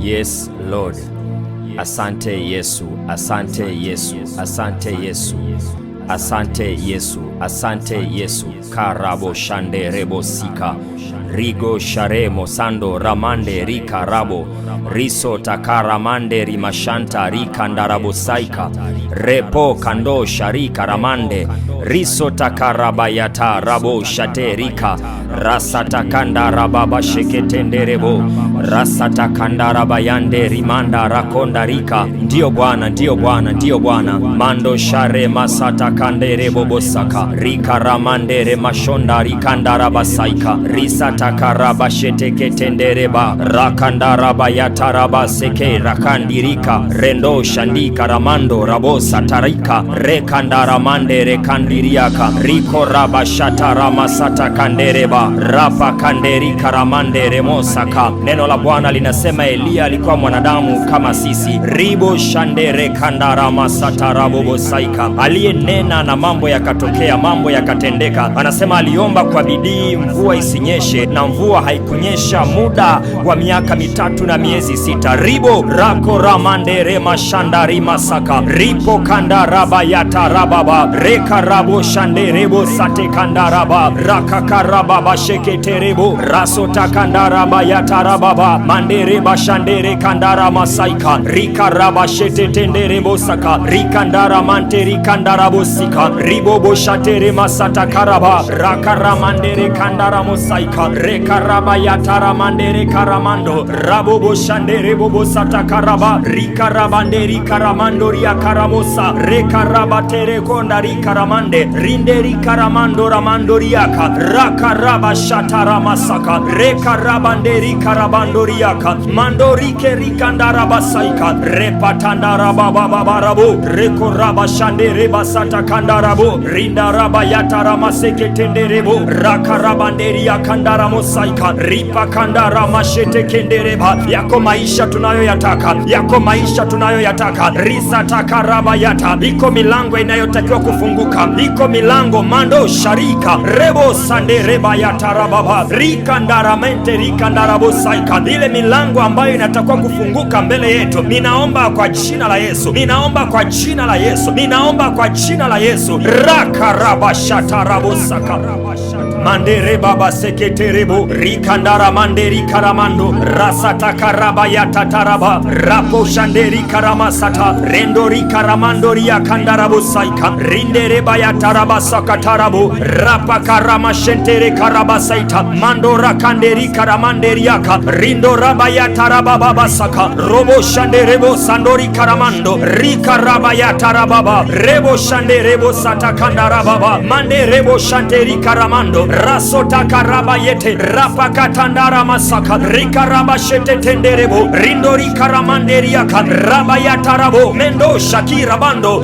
Yes Lord. Asante Yesu, asante Yesu, asante Yesu, asante Yesu, asante Yesu. Karabo shande rebo sika rigo sharemo sando ramande rika rabo riso takaramande rimashanta ndarabo saika repo kando sharika ramande riso takarabayata rabo shate rika rasatakandarababa sheketenderebo bayande rimanda rakondarika. Ndiyo Bwana, ndiyo Bwana, ndiyo Bwana. mando share masatakandere bobosaka rikaramandere mashonda rikandarabasaika risatakaravasheteketendereva rakandaravayatarabaseke rakandirika rendo shandika ramando rabosatarika rekandaramandere kandiriaka riko rikorabashataramasatakandere rapa kanderika ramandere mosaka neno la Bwana linasema Eliya alikuwa mwanadamu kama sisi, ribo shandere saika, aliyenena na mambo yakatokea, mambo yakatendeka. Anasema aliomba kwa bidii mvua isinyeshe, na mvua haikunyesha muda wa miaka mitatu na miezi sita. ribo rako ramandere mashandari masaka ripo kandaravayatarababa rekarabo shanderebo sate kandaraba rakakarababa sheketerebo rasota kandaraba yataraba Raba mandere bashandere kandara masaikan Rikara bashete tendere bosaka Rikandara manteri kandara bosika Ribobo shatere masata karaba Rakara mandere kandara mosaika Rekaraba yatara mandere karamando Rabobo shandere bobo sata karaba Rikarabanderi karamando ria karamosa Rekaraba tere konda rikaramande rinde karamando ramando riaka Rakaraba shatara masaka reka Rekarabanderi karamando mandoriaka mandorikerikandarabasayka repatandarababababarabo rekorabashanderebasatakandarabu rindarabayataramasikitinderebo rakarabanderiakandaramosaika ripakandaramashetekendereba yako maisha tunayoyataka yako maisha tunayoyataka risatakarabayata iko milango inayotakiwa kufunguka iko milango mando sharika rebo sanderebayatarababarikandaramenteri kandarabo saika ile vile milango ambayo inatakuwa kufunguka mbele yetu, ninaomba kwa jina la Yesu, ninaomba kwa jina la Yesu, ninaomba kwa jina la Yesu rakarabashatarabosaka mandere baba seketerebo rikandara manderi karamando rasatakaraba ya tataraba rapo shanderi karamasata rendo karamandori ya kandarabo saika rindereba ya taraba sakatarabo rapa karama shentere karaba saita mando kanderi karamanderi yaka rindoraba ya taraba baba saka robo shanderebo sandori karamando rikaraba ya tarababa rebo shanderebo satakandarababa manderebo shanteri karamando rasotakarabayete rapakatandara masaka shete tenderebo rindorikaramanderiaka rabayatarabo mendo shakirabando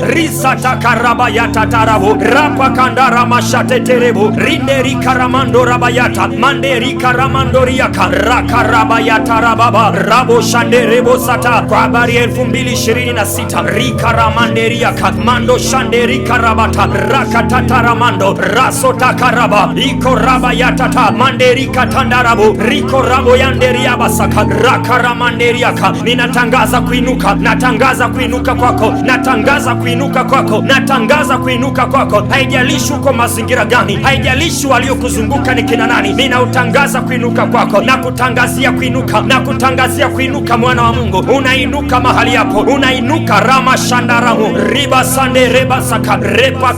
rapakandara rapakandaramashateterebo rinderikaramando rabayata manderikaramandoriaka rakarabayatarababa raboshanderebosata kwa habari elfu mbili ishirini na sita rikaramanderiaka mando shanderikarabata rakatataramando rasotakaraba riko raba yatata manderika tandarabo riko rabo yanderiabasaka rakaramanderiaka. Ninatangaza kuinuka, natangaza kuinuka kwako, natangaza kuinuka kwako, natangaza kuinuka kwako. Haijalishi uko mazingira gani, haijalishi waliokuzunguka ni kina nani, ninautangaza kuinuka kwako na kutangazia kuinuka na kutangazia kuinuka. Mwana wa Mungu, unainuka mahali yapo unainuka rama shandaramu riba sande reba saka repa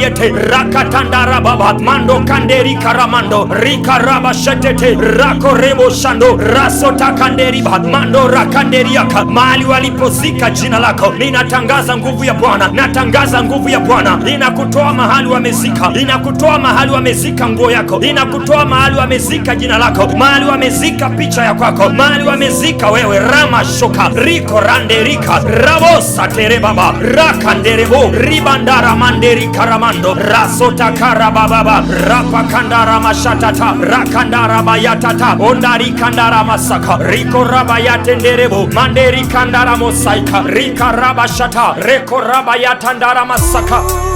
yete rakata kandarababat mando kanderi karamando rikaraba shetete rakorebo shando rasota kanderi bat mando yaka mahali walipozika jina lako. Ninatangaza nguvu ya Bwana, natangaza nguvu ya Bwana. Ninakutoa mahali wamezika, ninakutoa mahali wamezika nguo yako, kutoa mahali wamezika jina lako, mahali wamezika picha ya kwako, mahali wamezika wewe. rama shoka riko randerika rabosa terebaba rakanderebo ribandara manderi karamando rasota Onda karababa rapa kandara mashatata rakandara bayatata ondari kandara masaka riko rabayate nderebo manderi kandara mosaika rika rabashata reko rabayatandara masaka